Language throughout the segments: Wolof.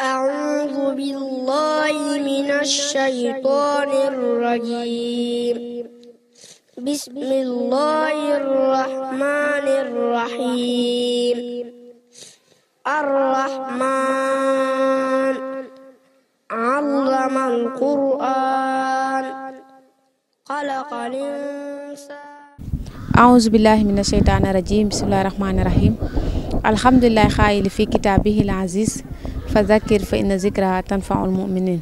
أعوذ بالله من الشيطان الرجيم بسم الله الرحمن الرحيم الرحمن علم القرآن خلق الإنسان أعوذ بالله من الشيطان الرجيم بسم الله الرحمن الرحيم الحمد لله خايل في كتابه العزيز fa zakkir fa inna zikra tanfaul muminin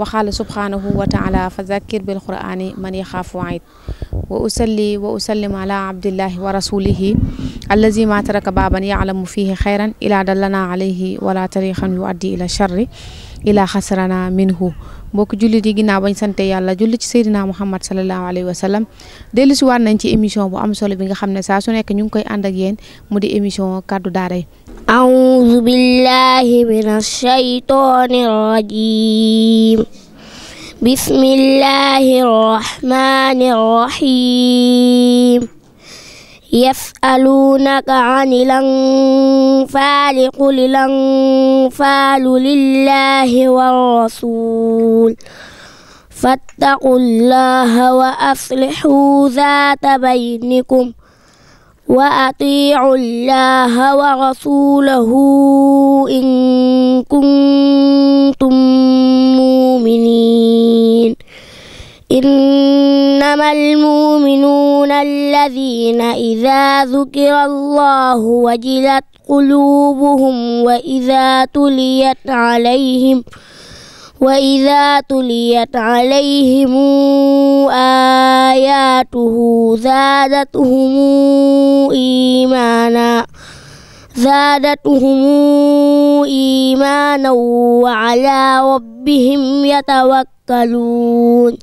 waxaala subhaanahu wa taala fa zakkir bil qur'aani man yaxaafu waid wa usalli wa usallim ala abdillahi wa rasulihi allazi ma taraka baaban yaclamu fihi xayran ilaa dallana alayhi wala tariqan yu addi ila charri ilaa xasrana minhu mbokk jullit yi ginnaaw bañ sante yàlla julli ci Seydina Muhammad sallallahu alayhi wa sallam dellu si nañ ci émission bu am solo bi nga xam ne saa su nekk ñu ngi koy ànd ak yéen mu di émission kàddu daara yi a'uudu billahi minash shaytaanir rajiim bismillahir rahmaanir يسألونك عن الأنفال قل الأنفال لله والرسول فاتقوا الله وأصلحوا ذات بينكم وأطيعوا الله ورسوله إن كنتم مؤمنين إنما المؤمنون الذين إذا ذكر الله وجلت قلوبهم وإذا تليت عليهم وإذا تليت عليهم آياته زادتهم إيمانا زادتهم إيمانا وعلى ربهم يتوكلون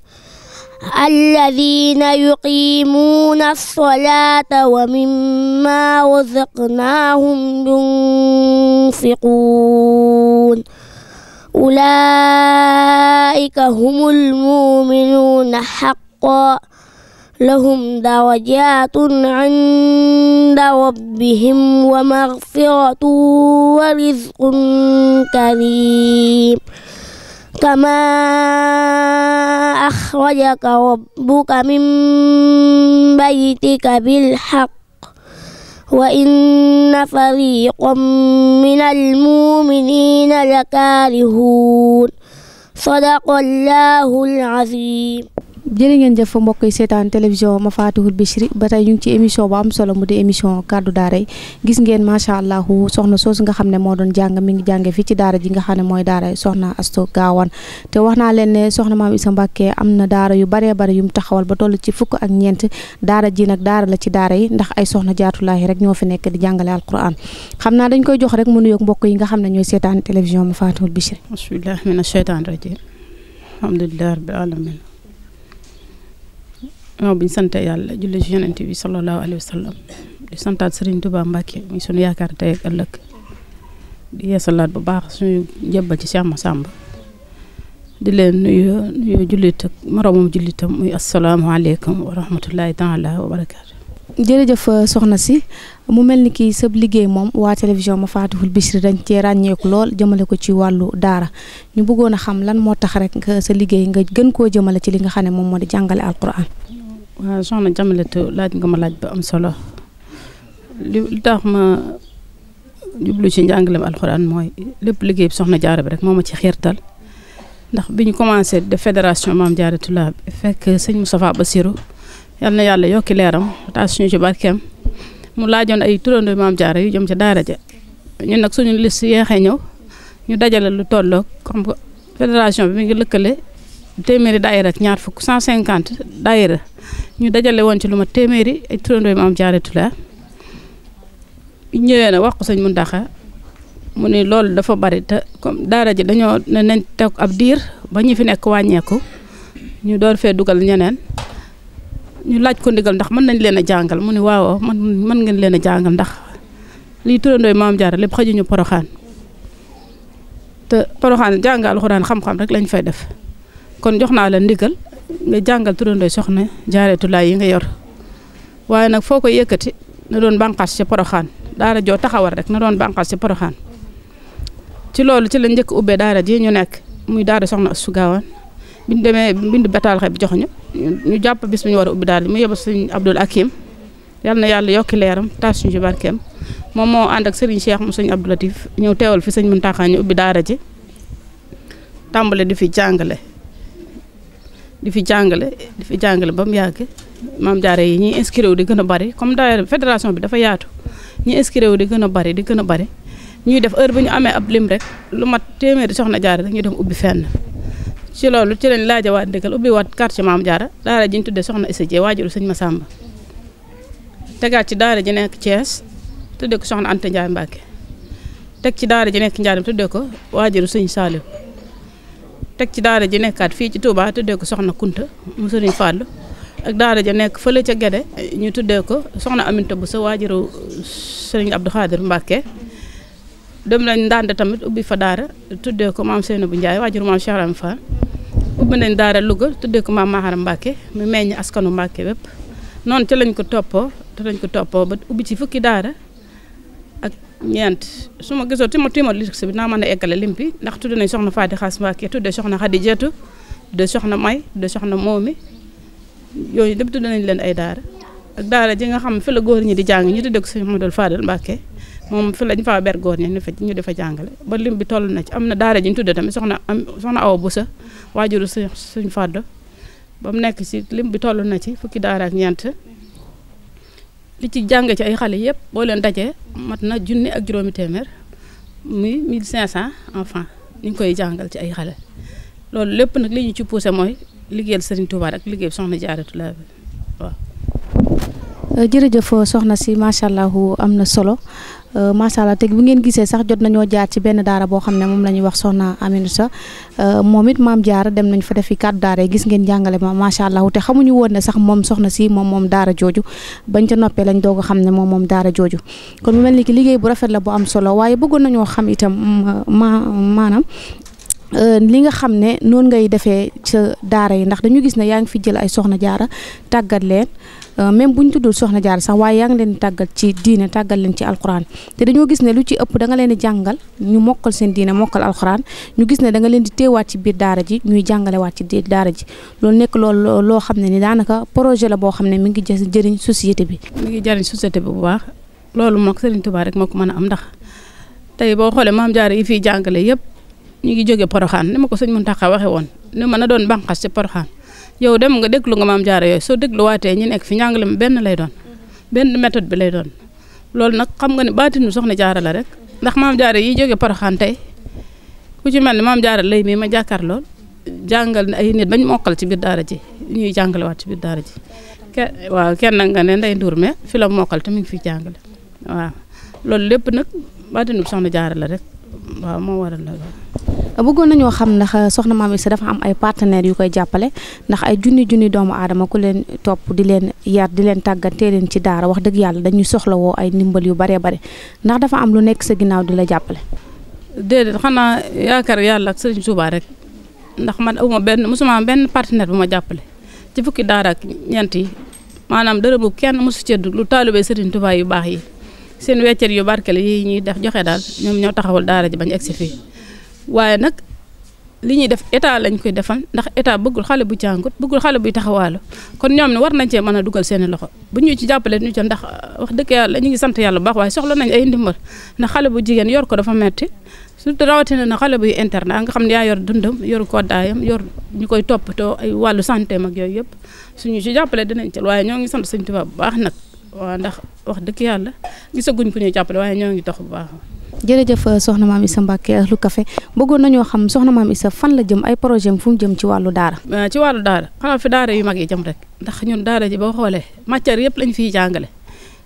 الذين يقيمون الصلاة ومما رزقناهم ينفقون أولئك هم المؤمنون حقا لهم درجات عند ربهم ومغفرة ورزق كريم كما أخرجك ربك من بيتك بالحق وإن فريقا من المؤمنين لكارهون صدق الله العظيم jërë ngeen jëf fa mbokk yi seetaan télévision ma faatihul Bichri ba tey ñu ngi ci émission bu am solo mu di émission kaddu daara yi gis ngeen macha allah soxna soosu nga xam ne moo doon jàng mi ngi jànge fii ci daara ji xam ne mooy daara soxna Astu Gaawaan te wax naa leen ne soxna maam Isa Mbàkke am na daara yu baree bari yu mu taxawal ba toll ci fukk ak ñeent daara ji nag daara la ci daara yi ndax ay soxna jaatulaahi rek ñoo fi nekk di jàngale alquran xam naa dañ koy jox rek mu nuyoog mbokk yi nga xam ne ñooy seetaan télévision ma faatihul Bichri bismillah mina shaytaan rajim alhamdulilah rabbil alamin waaw bi ñu sant yàlla julli ci yonent bi sallallahu alayhi wa sallam di santaat Serigne Touba Mbacke muy sunu yaakaar te ak ëllëg di bu baax suñu jébbal ci Cheikh Massamba di leen nuyu nuyu jullit ak moroomam muy asalaamaaleykum wa rahmatullahi taala wa barakaatu. jërëjëf euh, soxna si mu mel ni kii sab liggéey moom waa télévision ma faatihul Bichri dañ cee ràññeeku lool jëmale ko ci wàllu daara ñu bëggoon a xam lan moo tax rek sa liggéey nga gën koo jëmale ci li nga xam ne moom moo di jàngale alquran. waaw soxna Jamalatu laaj nga ma laaj bu am solo li tax ma jublu ci njàngalem alxuraan mooy lépp liggéey bi soxna jaara bi rek moo ma ci xiirtal ndax bi ñu commencé de fédération maam jaaratulaa bi fekk sëñ Moustapha Bassirou yal na yàlla yokki leeram taas suñu ci barkeem mu laajoon ay turandoo maam jaara yu jëm ca daara ja ñun nag suñu list yeexee ñëw ñu dajale lu tolloog xam nga fédération bi mi ngi lëkkale téeméeri daayira ak ñaar fukk cent cinquante daayira ñu dajale woon ci lu ma téeméeri ay turandooy maam Jaara Tullaa ñëwee na wax sañ mun Muntaxa mu ne loolu dafa bari te comme daara ji dañoo ne nañ teg ab diir ba ñu fi nekk wàññeeku ñu door fee dugal ñeneen ñu laaj ko ndigal ndax mën nañ leen a jàngal mu ne waaw man mën ngeen leen a jàngal ndax lii turandooy maam Jaara lépp xajuñu poroxaan te poroxaan jàngal alxuraan xam-xam rek lañ fay def kon jox naa la ndigal nga jàngal turandoo soxna jaareetulaay yi nga yor waaye nag foo koy yëkkati na doon bànqaas ci poroxaan daara joo taxawal rek na doon bànqaas ci poroxaan ci loolu ci la njëkk ubbee daara ji ñu nekk muy daara soxna Astou Gawane biñ demee bind bataal xeb jox ñu ñu jàpp bis bu ñu war a ubbi daal mu yóbbu sëñ Abdul Akim yal na yàlla yokki leeram taas suñu ci moom moo ànd ak Serigne Cheikh mu sëñ Abdou Latif ñëw teewal fi sëñ Muntaxa ñu ubbi daara ji tàmbale di fi jàngale. di fi jàngale di fi jàngale ba mu yàgg maam jaare yi ñi inscrire wu di gën a bari comme daayira fédération bi dafa yaatu ñi inscrire wu di gën a bari di gën a bari ñuy def heure bu ñu amee ab lim rek lu mat téeméeri soxna jaare rek ñu dem ubbi fenn ci loolu ci lañ laajawaat ndigal ubbi waat quartier maam jaara daara ji ñu tuddee soxna Issa Dié waajuru ma Massamba tegaat ci daara ji nekk Thiès tuddee ko soxna ante Ndiaye Mbacke teg ci daara ji nekk Njaaram tuddee ko waajuru sëñ Saliou teg ci daara ji nekkaat fii ci Touba tuddee ko soxna Kunta mu sëriñ Fallou ak daara ja nekk fële ca Gede ñu tuddee ko soxna Aminta bu sa waajuru sëriñ Abdou Khadir Mbacke dem nañ ndànd tamit ubbi fa daara tuddee ko maam Seynabou Ndiaye waajuru maam Cheikh Rahane Fall ubbi nañ daara Louga tuddee ko maam Mahara Mbacke mu meññ askanu Mbacke bépp noonu ci lañ ko toppoo te lañ ko toppoo ba ubbi ci fukki daara ñeent su ma gisoo ti ma tiima liste bi naa mën a ekkale lim bi ndax tudd nañ soxna Faati Xaas Mbàkke tudde soxna Xadi Jeetu tudde soxna May tudde soxna Moomi yooyu lépp tudd nañ leen ay daara ak daara ji nga xam fi la góor ñi di jàng ñu tudde ko sëñ Modou Fadal Mbàkke moom fi lañ faa ber góor ñi ni fa ñu di fa jàngale ba lim bi toll na ci am na daara ji ñu tudde tamit soxna am soxna Awa Busa waajuru sëñ sëñ Fàddu ba mu nekk ci lim bi toll na ci fukki daara ak ñeent li ci jàng ci ay xale yëpp boo leen dajee mat na junni ak juróomi téeméer muy 1500 enfants ñu ngi koy jàngal ci ay xale loolu lépp nag li ñu ci poussé mooy liggéeyal Serigne Touba ak liggéey soxna Jaaratu Laahi waaw. jërëjëf soxna si macha allah am na solo. Euh, macha allah te bu ngeen gisee sax jot nañoo jaar ci benn daara boo xam ne moom la ñuy wax soxna sax euh, moom it maam jaara dem nañ fa def fi kàddu daara yi gis ngeen jàngale ma te xamuñu woon ne sax moom soxna si moom moom daara jooju bañ ca noppee lañ doog a xam ne moom moom daara jooju kon mu mel ni ki bu rafet la bu am solo waaye bëggoon nañoo xam itam mm, ma maanaam euh, li nga xam ne noonu ngay defee sa daara yi ndax dañu gis ne yaa ngi fi jël ay soxna jaara tàggat leen Euh, même bu ñu tuddul soxna jaar sax waaye yaa ngi leen di tàggal ci diine tàggal leen ci alxuraan te dañoo gis ne lu ci ëpp danga leen di jàngal ñu mokkal seen diine mokkal alxuraan ñu gis ne da nga leen di teewaat ci biir daara ji ñuy jàngalewaat ci biir daara ji loolu nekk loolu loo xam ne ni daanaka projet la boo xam ne mi ngi jëriñ société bi. mu ngi jariñ société bi bu baax loolu moo Serigne Touba rek moo ko mën a am ndax tey boo xoolee maam jaar yi fii jàngale yëpp ñu ngi jóge Poroxaan ni ma ko sëñ Mountakha waxee woon ni mën a doon bànqaas ci Poroxaan yow dem nga déglu nga maam jaara yooyu soo dégluwaatee ñi nekk fi njàngale mi benn lay doon benn méthode bi lay doon loolu nag xam nga ne baatinu soxna jaara la rek ndax maam jaara yi jóge Porokhane tey ku ci mel ne maam jaara lay mii ma jàkkaar lool jàngal ne ay nit bañ mokkal ci biir daara ji ñuy jàngalewaat ci biir daara ji waaw kenn nga ne nday nduur me fi la mokkal te mu ngi fi jàngale waaw loolu lépp nag baatinu soxna jaara la rek waaw moo waral la bëggoon nañoo xam ndax soxna maam Issa dafa am ay partenaires yu koy jàppale ndax ay junni junni doomu aadama ku leen topp di leen yar di leen tàggatee leen ci daara wax dëgg yàlla dañuy soxlawoo ay ndimbal yu baree bare ndax dafa am lu nekk sa ginnaaw di la jàppale. déedéet xanaa yaakaar yàlla ak sëriñ Touba rek ndax man awma benn mosuma benn partenaire bu ma jàppale ci fukki daara ak ñeent yi maanaam dërëmu kenn mosu cee dugg lu taalubee sëriñ Touba yu baax yi. seen weccet yu barkeel yi ñuy def joxe daal ñoom ñoo taxawal daara ji bañ egsi fii waaye nag li ñuy def état lañ koy defal ndax état bëggul xale bu jàngut bëggul xale buy taxawaalu kon ñoom ne war nañ cee mën a dugal seen loxo bu ñu ci jàppale ñu ci ndax uh, wax dëgg yàlla ñu ngi sant yàlla baax waaye soxla nañ ay ndimbal ndax xale bu jigéen yor ko dafa metti surtout rawatina na xale buy internat nga xam ne yaa yor dundam yor koddaayam yor ñu koy toppatoo ay wàllu santé mag yooyu yëpp suñu ci jàppale dinañ ci waaye ñoo ngi sant Sëñ Tuubaa bu baax nag waa ndax wax dëgg yàlla gisaguñ ku ñuy jàppale waaye ñoo ngi dox bu baax. jërëjëf euh, soxna maam Issa Mbacke Euhlou kafe bëggoon nañoo xam soxna maam Issa fan la jëm ay projet am fu jëm ci wàllu daara. Euh, ci wàllu daara xanaa fi daara yu mag yi jëm rek ndax ñun daara ji boo xoolee matière yëpp lañ fiy jàngale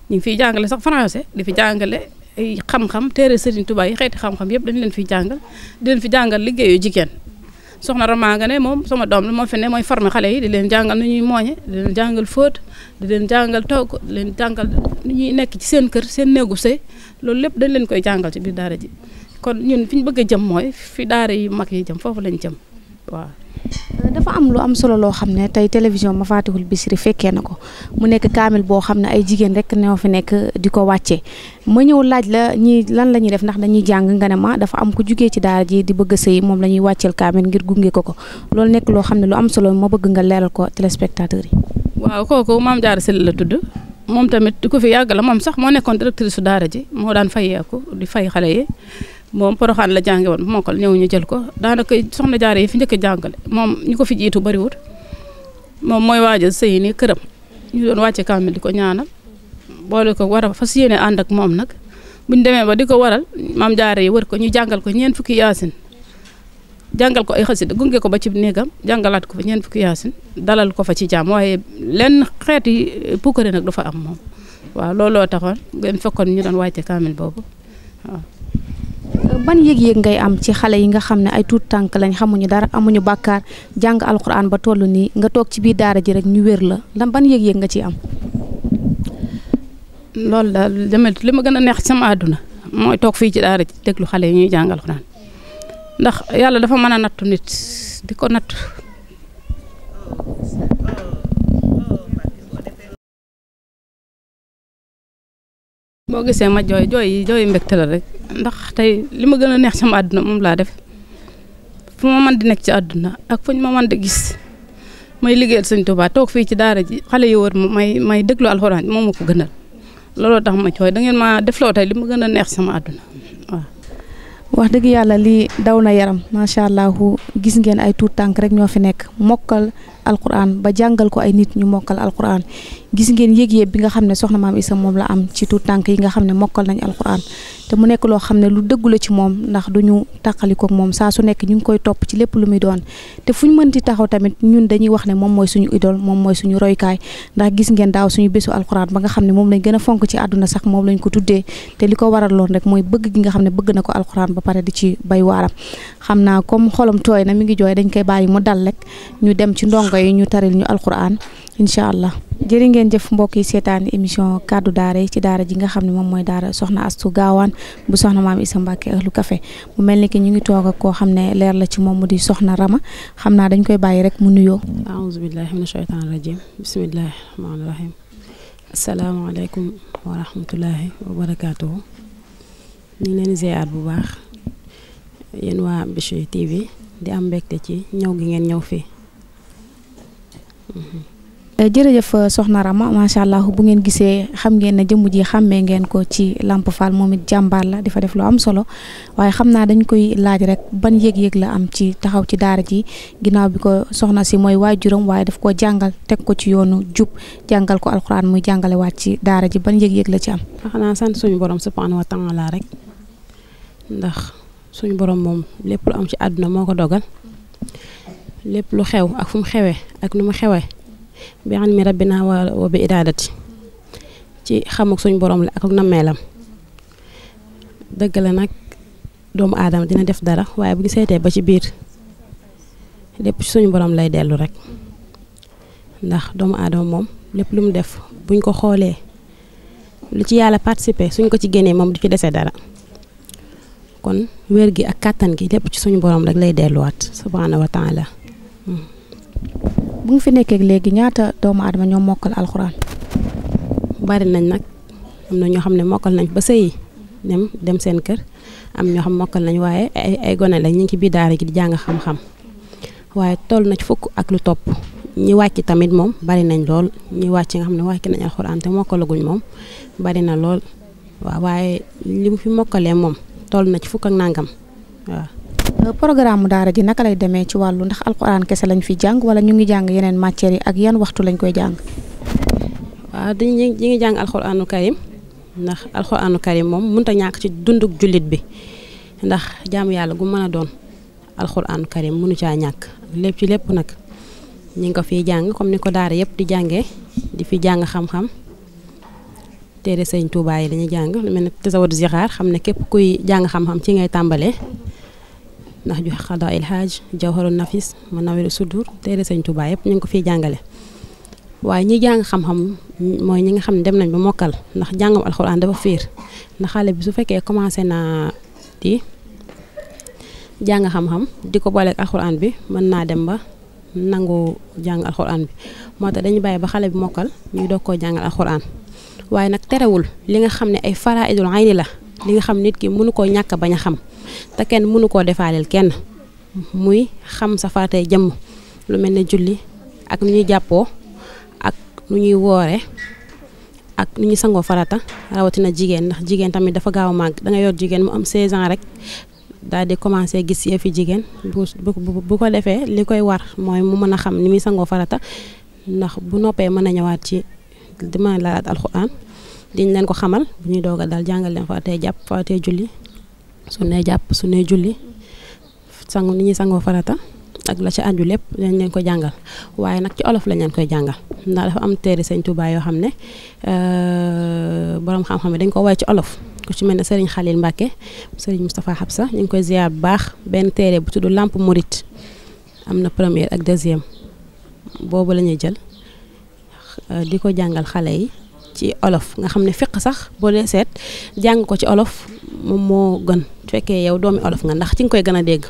ñu fiy jàngale sax français di fi jàngale ay xam-xam téere Serigne tubaay yi xeeti xam-xam yëpp dañ leen fiy jàngal di leen fi jàngal liggéeyu jigéen soxna Rama nga ne moom sama doom la moo fi ne mooy former xale yi di leen jàngal nu ñuy mooñe di leen jàngal fóot di leen jàngal togg di leen jàngal nu ñuy nekk ci seen kër seen néegu sëy loolu lépp dañ leen koy jàngal ci daara ji kon ñun fi ñu bëgg a jëm mooy fi daara yi mag yi jëm foofu lañ jëm waaw. dafa am lu am solo loo xam ne tey télévision ma faatihul Bichri fekkee na ko mu nekk kaamil boo xam ne ay jigéen rek ñoo fi nekk di ko wàccee ma ñëw laaj la ñi lan la ñuy def ndax dañuy jàng nga ne ma dafa am ku jugee ci daara ji di bëgg sëy moom la ñuy wàcceel kaamil ngir gunge ko ko loolu nekk loo xam ne lu am solo ma bëgg nga leeral ko téléspectateurs yi. waaw kooku maam Jaara Sëli la tudd moom tamit ko fi yàgg la moom sax moo nekkoon directrice su daara ji moo daan fayeeku di fay xale yi moom poroxaan la jànge woon mokkal ñëw ñu jël ko daanaka soxna jaare yi fu njëkk a jàngale moom ñu ko fi jiitu bariwut moom mooy waajal sëy ni këram ñu doon wàcce kaamil di ko ñaanal boole ko war a fas yéene ànd moom nag buñ demee ba di ko waral maam jaare yi wër ko ñu jàngal ko ñeent fukki yaasin jàngal ko ay xasida gunge ko ba ci néegam jàngalaat fa ñeent fukki yaasin dalal ko fa ci jàmm waaye lenn xeeti pukkare nag du fa am moom waaw looloo taxoon ngeen fekkoon ñu doon wàcce kaamil boobu waaw ban yéeg yëg ngay am ci xale yi nga xam ne ay tuut tànk lañ xamuñu dara amuñu bàkkaar jàng alxuraan ba toll nii nga toog ci biir daara ji rek ñu wér la lan ban yéeg yëg nga ciy am. loolu daal li ma gën a neex ci sama àdduna mooy toog fii ci daara ji déglu xale yi ñuy jàng alxuraan ndax yàlla dafa mën a nattu nit di ko nattu. boo gisee ma jooy jooy yi jooy mbégte rek ndax tey li ma gën a neex sama àdduna moom laa def fu ma mën di nekk ci àdduna ak fuñ ma mën di gis may liggéeyal sëñ Tuubaa toog fii ci daara ji xale yi wër ma may may déglu alxuraan moom ma ko gën gënal looloo tax ma cooy da ngeen ma defloo tey li ma gën a neex sama àdduna waaw wax dëgg yàlla lii daw na yaram macha allah gis ngeen ay tuut tànk rek ñoo fi nekk mokkal alquran ba jàngal ko ay nit ñu mokkal alquran gis ngeen yéeg yëg bi nga xam ne soxna maam Isa moom la am ci tuut tànk yi nga xam ne mokkal nañ alquran te mu nekk loo xam ne lu dëggu ci moom ndax du ñu tàqalikook moom saa su nekk ñu ngi koy topp ci lépp lu muy doon te fu ñu mën di taxaw tamit ñun dañuy wax ne moom mooy suñu idole moom mooy suñu roykaay ndax gis ngeen daaw suñu bésu alxuraan ba nga xam ne moom lañ gën a fonk ci àdduna sax moom lañ ko tuddee te li ko waral loon rek mooy bëgg gi nga xam ne bëgg na ko alxuraan ba pare di ci bay waaram xam naa comme xolam tooy na mi ngi jooy dañ koy bàyyi mu dal rek ñu dem ci ndongo yi ñu taril ñu alxuraan incha allah jërë ngeen jëf mbokk yi seetaan émission kàddu daara yi ci daara ji nga xam ne moom mooy daara soxna astu gaawaan bu soxna maam isa mbàkke ahlu café mu mel ni ki ñu ngi toog ak koo xam ne leer la ci moom mu di soxna rama xam naa dañ koy bàyyi rek mu nuyoo aousubillahi mina sheytaan rajim bismillahi rahmaani rahim asalaamaaleykum wa rahmatullahi wa barakaatuhu ñu ngi leen ziar bu baax yéen waa TV di am mbégte ci ñëw gi ngeen ñëw fii mhm. Eh, jërëjëf eh, soxna Rama macha allah bu ngeen gisee xam ngeen ne jëmm ji xàmmee ngeen ko ci Lamp Fall moom it jàmbaar la di fa def lu am solo waaye xam naa dañ koy laaj rek ban yëg-yëg la am ci taxaw ci daara ji ginnaaw bi ko soxna si mooy waaye juróom waaye daf koo jàngal teg ko ci yoonu jub jàngal ko alxuraan muy jàngalewaat ci daara ji ban yëg-yëg la ci am. Ah, xanaa sant suñu borom subhaanahu wa taala rek ndax suñu borom moom lépp lu am ci àdduna moo ko dogal lépp lu xew fu mu xewee ak nu mu xewee. bi an mi rabbina wa bi iraadati ci xamuk suñ boroom la ak nammeelam dëgg la nag doomu aadama dina def dara waaye bu seetee ba ci biir lépp ci suñu boroom lay dellu rek ndax doomu aadama moom lépp lu mu def buñ ko xoolee lu ci yàlla participer suñ ko ci génnee moom du ci dese dara kon wér gi ak kàttan gi lépp ci suñu borom rek lay delluwaat subhaana wa bu nga fi nekkee léegi ñaata doomu aadama ñoo mokkal alxuraan. bari nañ nag am na ñoo xam ne mokkal nañ ba sëyi dem dem seen kër am ñoo xam mokkal nañ waaye ay gone lañ ñu ngi ci biir daara gi di jàng xam-xam waaye toll na ci fukk ak lu topp ñi wàcc tamit moom bari nañ lool ñi wàcc nga xam ne wàcc nañ alxuraan te mokkalaguñ moom bari na lool waaw waaye li mu fi mokkalee moom toll na ci fukk ak nangam waaw. Euh, programme daara ji naka lay demee ci wàllu ndax alxuraan kese lañ fi jàng wala ñu ngi jàng yeneen matières yi ak yan waxtu lañ koy jàng. waaw dañuy ñu ngi jàng alxuraanu karim ndax alxuraanu karim moom mënut a ñàkk ci dunduk jullit bi ndax jaamu yàlla gu mën a doon alxuraanu karim mënu caa ñàkk lépp ci lépp nag ñu ngi ko fiy jàng comme ni ko daara yëpp di jàngee di fi jàng xam-xam. téere sëñ Touba yi dañuy jàng lu mel ne tasawadu zixaar xam ne képp kuy jàng xam-xam ci ngay tàmbalee. ndax ju xadaa il haaj nafis ma naweru sudur téere sëñ Tuubaa yëpp ñu ngi ko fiy jàngale waaye ñi jàng xam-xam mooy ñi nga xam ne dem nañ ba mokkal ndax jàngam alxuraan dafa fiir ndax xale bi su fekkee commencé naa di jàng xam-xam di ko booleeg alxuraan bi mën naa dem ba nangu jàng alxuraan bi moo te dañu bàyyi ba xale bi mokkal ñu doog ko jàngal alxuraan waaye nag terewul li nga xam ne ay faraidul ayni la li nga xam nit ki mënu ko ñàkk bañ a xam te kenn mënu koo defaaleel kenn muy xam sa faratay jëmm lu mel ne julli ak nu ñuy jàppoo ak nu ñuy woore ak nu ñuy sangoo farata rawatina jigéen ndax jigéen tamit dafa gaaw a màgg da yor jigéen mu am 16 ans rek dal di commencé gis yëfi jigéen bu bu ko defee li koy war mooy mu mën a xam ni muy sangoo farata ndax bu noppee mën a ñëwaat ci dima laalaat alxuraan diñ leen ko xamal bu ñuy doogal daal jàngal leen faratay jàpp faratay julli su ne jàpp su ne julli sangu ni ñuy sangoo farata ak la ci aju lépp dañ leen ko jàngal waaye nag ci olof lañ leen koy jàngal ndax dafa am téere sëñ Touba yoo xam ne euh, borom xam-xam dañ ko way ci olof ku ci mel ne Serigne Khalil Mbacke Serigne Moustapha Habsa ñu ngi koy ziar bu baax benn téere bu tudd làmp Mouride am na première ak deuxième boobu lañuy jël euh, di ko jàngal xale yi. ci olof nga xam ne fiq sax boo dee seet jàng ko ci olof moom moo gën su fekkee yow doomi olof nga ndax ci nga koy gën a dégg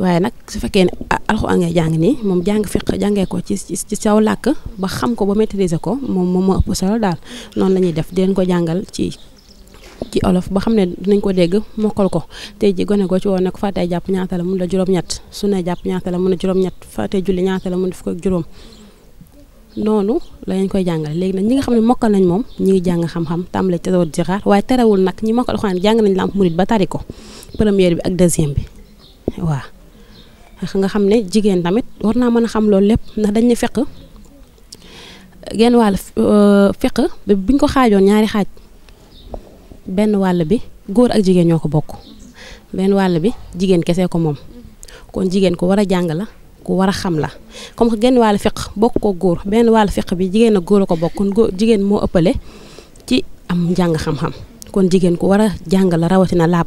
waaye nag su fekkee ne alxuraan ngay jàng nii moom jàng fiq jàngee ko ci ci saw làkk ba xam ko ba maîtriser ko moom moom moo ëpp solo daal noonu la ñuy def deen ko jàngal ci ci olof ba xam ne dinañ ko dégg mokkal ko tey ji gone goo ci woon ne ko fàttee jàpp ñaata la mun la juróom-ñett su ne jàpp ñaata la mun a juróom-ñett fàttee julli ñaata la mun def ko juróom noonu lañ koy jàngale léegi nag ñi nga xam ne mokkal nañ moom ñi ngi jàng xam-xam tàmbale ca doon di xaar waaye terewul nag ñi mokkal xanaa jàng nañ la am murit ba tari ko première bi ak deuxième bi waaw nga xam ne jigéen tamit war naa mën a xam loolu lépp ndax dañu ne fekk genn wàll euh, fekk buñ ko xaajoon ñaari xaaj benn wàll bi góor ak jigéen ñoo ko bokk benn wàll bi jigéen kese ko moom kon jigéen ko war a jàng la. ku war a xam la comme que genn wàllu fiq bokk ko góor benn wàllu fiq bi jigéen ak góor a ko bokk kon jigéen moo ëppale ci am njàng xam-xam kon jigéen ku war a jàng la rawatina laab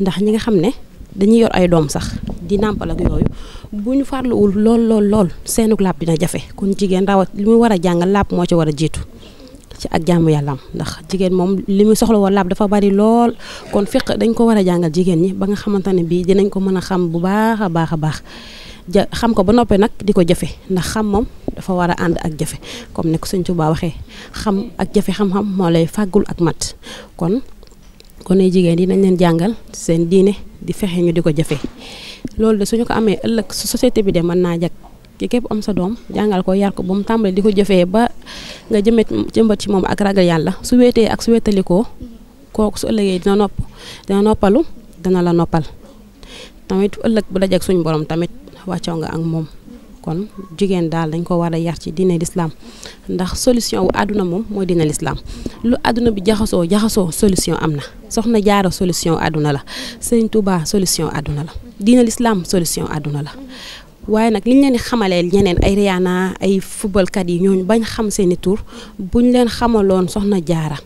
ndax ñi nga xam ne dañuy yor ay doom sax di nàmpal ak ñu farluwul lool lool lool seenug laab dina jafe kon jigéen rawat li mu war a jàng laab moo ci war a jiitu ci ak jàmm yàllaam ndax jigéen moom li muy soxla woon laab dafa bari lool kon fiq dañ ko war a jàngal jigéen ñi ba nga xamante ne bii dinañ ko mën a xam bu baax a baax a baax ja xam ko ba noppee nag di ko jëfe ndax xam moom dafa war a ànd ak jafe comme ni suñ sëñ baa waxee xam ak jafe xam-xam moo lay fàggul ak mat kon kon jigéen yi nañ leen jàngal seen diine di fexe ñu di ko jafe loolu de suñu ko amee ëllëg su société bi de mën naa jag ki képp am sa doom jàngal ko yar ba mu tàmbali di ko jëfee ba nga jëmet jëmbat ci moom ak ragal yàlla su weetee ak su weetalikoo kooku su ëllëgee dina nopp dina noppalu dana la noppal tamit ëllëg bu da dajeek suñu borom tamit wàccoo nga am moom kon jigéen daal dañ ko war a yar ci diine lislaam ndax solution wu àdduna moom mooy diine lislaam lu àdduna bi jaxasoo jaxasoo solution am na soxna jaara solution àdduna la sëriñ Tuubaa solution àdduna la diine lislaam solution àdduna la waaye nag liñ leen di xamalee ñeneen ay Rihanna ay footballkat yi ñooñu bañ xam seeni tur ñu leen xamaloon soxna jaara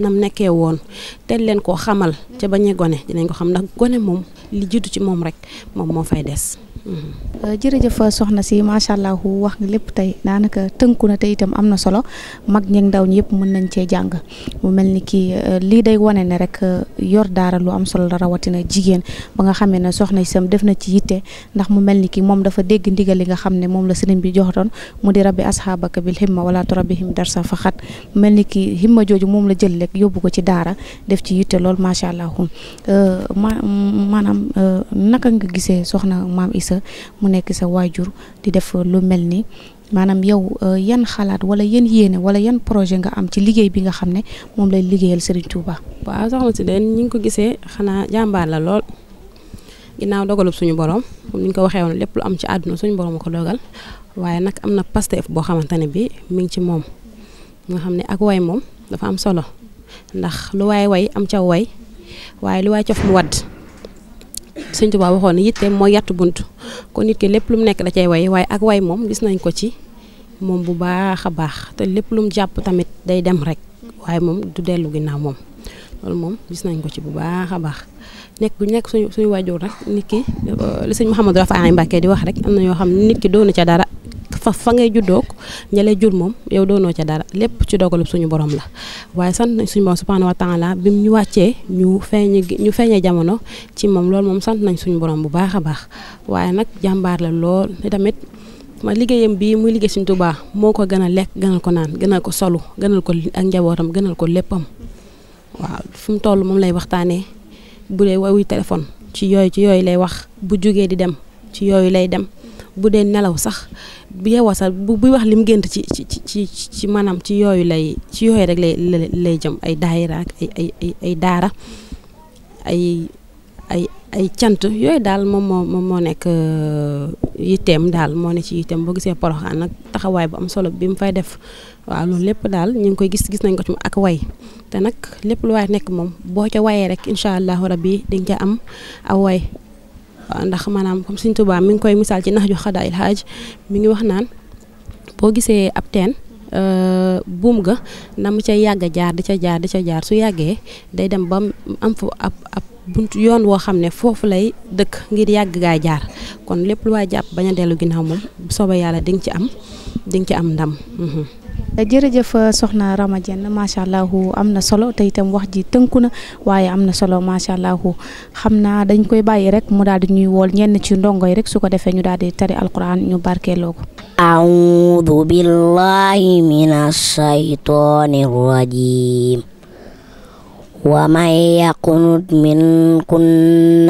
nam nekkee woon te leen koo xamal ca bañ gone dinañ ko xam ndax gone moom li jiitu ci moom rek moom moo fay des Mm-hmm. Uh, jërëjëf uh, soxna si macha allah wax nga lépp tey daanaka tënku na te itam am na solo mag ñeeg ndaw ñi yëpp mën nañ cee jàng mu mel ni kii uh, lii day wane ne rek yor daara lu am solo la rawatina jigéen ba nga xamee ne soxna si sam def na ci yitte ndax mu mel ni kii moom dafa dégg ndigal li nga xam ne moom la sëriñ bi jox joxoon mu di rabbi asxaabaka bi himma wala turabihim darsa faxat mu mel ni kii himma jooju moom la jël rek yóbbu ko ci daara def ci yitte lool macha allah ma maanaam naka nga gisee sa mu nekk sa waajur di def lu mel ni maanaam yow euh, yan xalaat wala yan yéene wala yan projet nga am ci liggéey bi nga xam ne moom lay liggéeyal Serigne Touba. waaw soxna si den ñi ngi ko gisee xanaa jàmbaar la lool ginnaaw dogalub suñu boroom comme ni ko waxee woon lépp lu am ci àdduna suñu borom ko dogal waaye nag am na Pastef boo xamante ne bi mi ngi ci moom nga xam ne ak way moom dafa am solo ndax lu waay way am ca way waaye lu waay cof lu wadd sëñ Tuubaa waxoon ne yitteem mooy yattu bunt kon nit ki lépp lu mu nekk da cay way waaye ak way moom gis nañ ko ci moom bu baax a baax te lépp lu mu jàpp tamit day dem rek waaye moom du dellu ginnaaw moom loolu moom gis nañ ko ci bu baax a baax nekk bu nekk suñu suñu waajur nag nit ki euh, li sëñ Mouhamadou Rafa Mbacké di wax rek am na yoo xam ne nit ki doonu ca dara fa fa ngay juddoog ña lay jur moom yow doonoo ca dara lépp ci dogalub suñu borom la waaye sant nañ suñu borom subhaanahu wa taala bi mu ñu wàccee ñu feeñe ñu feeñe jamono ci moom loolu moom sant nañ suñu borom bu baax a baax waaye nag jàmbaar la lool te tamit ma liggéeyam bii muy liggéey suñu Tuubaa moo ko gën a lekk gënal ko naan gënal ko solu gënal ko ak njabootam gënal ko léppam waaw fu mu toll moom lay waxtaanee bu dee woowuy téléphone ci yooyu ci yooyu lay wax bu jógee di dem ci yooyu lay dem bu dee nelaw sax yeewoo sax bu buy wax lim gént ci ci ci ci maanaam ci yooyu lay ci yooyu rek lay lay jëm ay daayira ak ay ay daara ay ay ay cant yooyu daal moom moo moom moo nekk euh, yitteem daal moo ne ci yitteem boo gisee poroxaan nag taxawaay bu am solo bi mu fay def waaw loolu lépp daal ñu ngi koy gis gis nañ ko ci ak way te nag lépp lu waay nekk moom boo ca wayee rek incha allahu rabbi di ca am aw way ndax maanaam comme Sëñ Tuubaa mi ngi koy misaal ci nax ju xadaa il xaaj mu ngi wax naan boo gisee ab teen euh, buum ga na mu ca yàgg a jaar di ca jaar di ca jaar su yàggee day dem ba am fa ab ab buntu yoon woo xam ne foofu lay dëkk ngir yàgg gaay jaar kon lépp lu waay jàpp bañ a dellu ginnaaw moom soobee yàlla di nga ci am di nga ci am ndam. Mhm. jërëjëf euh, soxna Rama Diène macha am na solo te itam wax ji tënku na waaye am na solo macha allah xam naa dañ koy bàyyi rek mu daal di ñuy wool ñenn ci ndongo yi rek su ko defee ñu daal di tari alquran ñu barkeeloo ko. audu billahi mina shaytaani rajim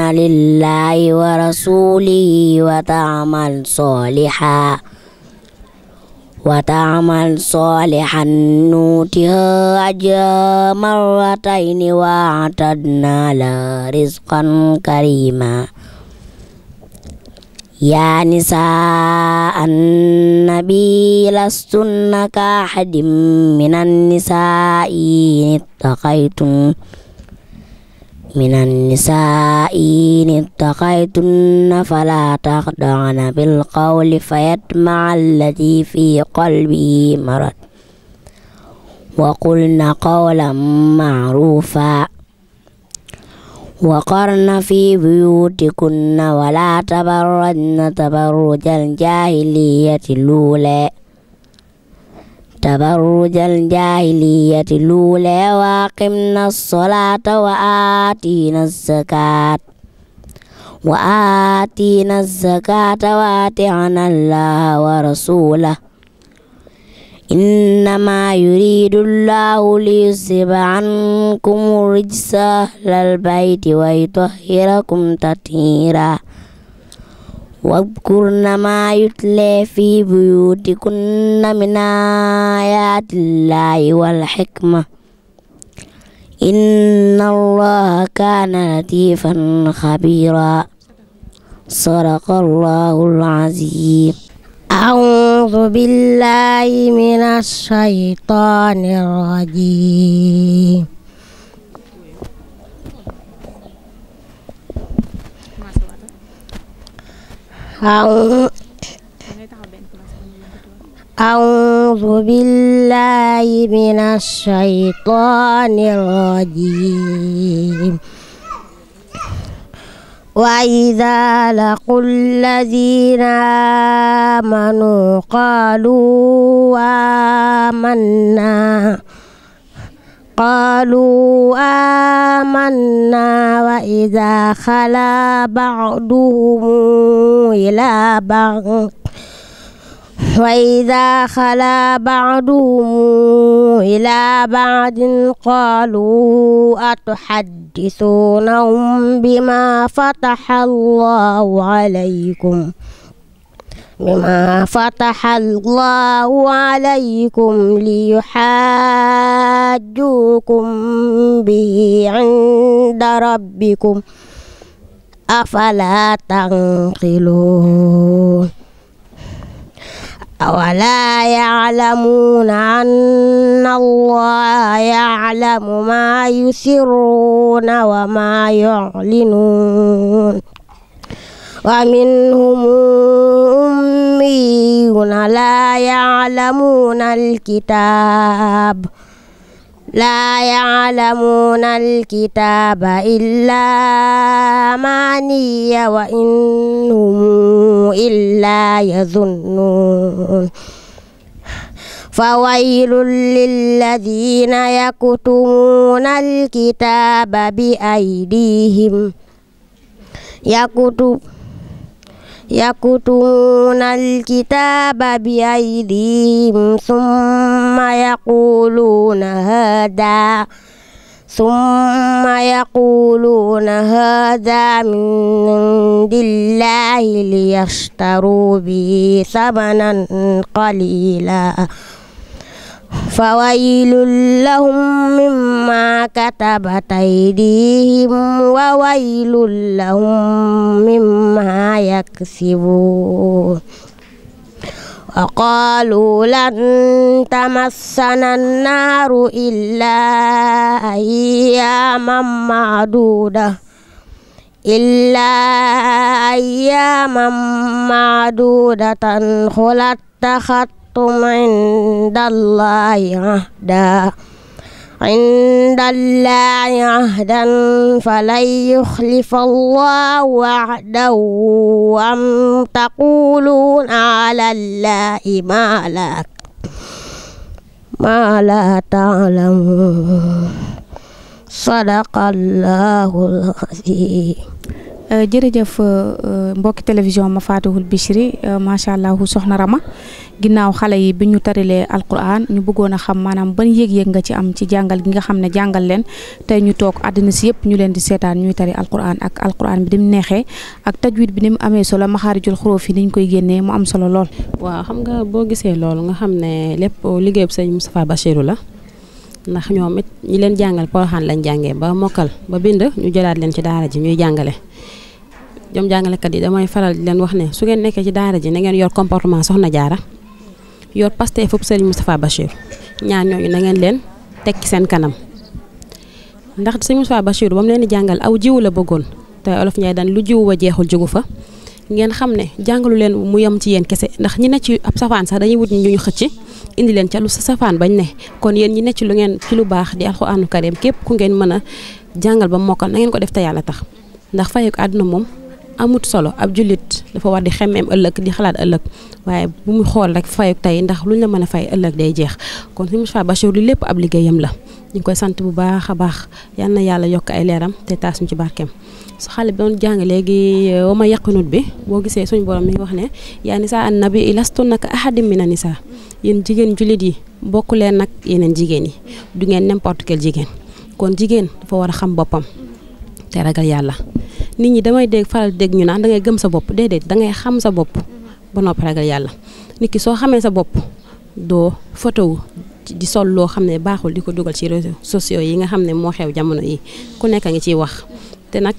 lillahi wa rasulihi wa وتعمل صالحا نؤتها أجرها مرتين وأعتدنا لها رزقا كريما يا نساء النبي لستن كأحد من النساء إن اتقيتن من النساء إن اتقيتن فلا تخضعن بالقول فيطمع الذي في قلبه مرض وقلن قولا معروفا وقرن في بيوتكن ولا تبرجن تبرج الجاهلية الأولى تبرج الجاهلية الأولى وأقمنا الصلاة وآتينا الزكاة وآتينا الزكاة وأطعنا الله ورسوله إنما يريد الله ليذهب عنكم الرجس أهل البيت ويطهركم تطهيرا واذكرن ما يتلى في بيوتكن من آيات الله والحكمة إن الله كان لطيفا خبيرا صدق الله العظيم أعوذ بالله من الشيطان الرجيم أعوذ بالله من الشيطان الرجيم وإذا لقوا الذين آمنوا قالوا آمنا قالوا آمنا وإذا خلا بعضهم إلى بعض وإذا خلا بعضهم إلى بعض قالوا أتحدثونهم بما فتح الله عليكم بما فتح الله عليكم ليحاجوكم به عند ربكم أفلا تنقلون أولا يعلمون أن الله يعلم ما يسرون وما يعلنون ومنهم أميون لا يعلمون الكتاب لا يعلمون الكتاب إلا أماني وإن هم إلا يظنون فويل للذين يكتمون الكتاب بأيديهم يكتب يكتمون الكتاب بأيديهم ثم يقولون هذا ثم يقولون هذا من عند الله ليشتروا به ثمنا قليلا فويل لهم مما كتبت أيديهم وويل لهم مما يكسبون وقالوا لن تمسنا النار إلا أياما معدودة إلا أياما معدودة قل اتخذتم أخذتم عند الله عهدا عند الله عهدا فلن يخلف الله وعده وأم تقولون على الله ما لا ما لا تعلمون صدق الله العظيم Euh, jërëjëf euh, euh, mbokki télévision ma faatihul Bichri macha allah soxna Rama ginnaaw xale yi bi ñu tarilee alquran ñu bëggoon a xam maanaam ban yéeg-yéeg nga ci am ci jàngal gi nga xam ne jàngal leen ñu toog àddina si yëpp ñu leen di seetaan ñuy tari alquran ak alquran bi ni mu neexee ak tajwid bi ni mu amee solo maxaarijul xuróof yi ni ñu koy génnee mu am solo lool. waaw xam nga boo gisee loolu nga xam ne lépp liggéey bu sëñ Moustapha Bachirou la. ndax ñoom it ñu leen jàngal poroxaan lañ jàngee ba mokkal ba bind ñu jëlaat leen ci daara ji ñuy jàngale ñoom jàngalekat yi damay faral di leen wax ne su ngeen nekkee ci daara ji na ngeen yor comportement soxna jaara yor paste foofu Serigne Moustapha Bachir ñaar ñooñu na ngeen leen teg ci seen kanam ndax Serigne Moustapha Bachir ba mu leen di jàngal aw jiwu la bëggoon te olof Ndiaye daan lu jiwu wa jeexul jugu fa ngeen xam ne jàngalu leen mu yem ci yéen kese ndax ñi ne ci ab safaan sax dañuy wut ñu ñu xëcc indi leen ca lu sa safaan bañ ne kon yéen ñi ne ci lu ngeen ci lu baax di alxuraanu karim képp ku ngeen mën a jàngal ba mokkal na ngeen ko def te yàlla tax ndax fayeku àdduna moom amut solo ab jullit dafa war di xemmeem ëllëg di xalaat ëllëg waaye bu mu xool rek fayuk tey ndax luñ la mën a fay ëllëg day jeex kon si Moustapha Bachir li lépp ab liggéeyam la ñu ngi koy sant bu baax a baax yal na yàlla yokk ay leeram te taas ñu ci barkeem su xale bi doon jàng léegi euh, wa ma nut bi boo gisee suñu borom mi wax ne yaa nisaa an nabi ilastunna ka ahadim mina nisaa yéen jigéen jullit yi bokk leen nag yeneen jigéen yi du ngeen n'importe quel jigéen kon jigéen dafa war a xam boppam te ragal yàlla nit ñi damay dégg faral dégg ñu naan dangay ngay gëm sa bopp déedéet da ngay xam sa bopp ba noppi ragal yàlla nit ki soo xamee sa bopp doo fotowu di sol loo xam ne baaxul di ko dugal ci réseaux sociaux yi nga xam ne moo xew jamono yi ku nekk a ngi ciy wax te nag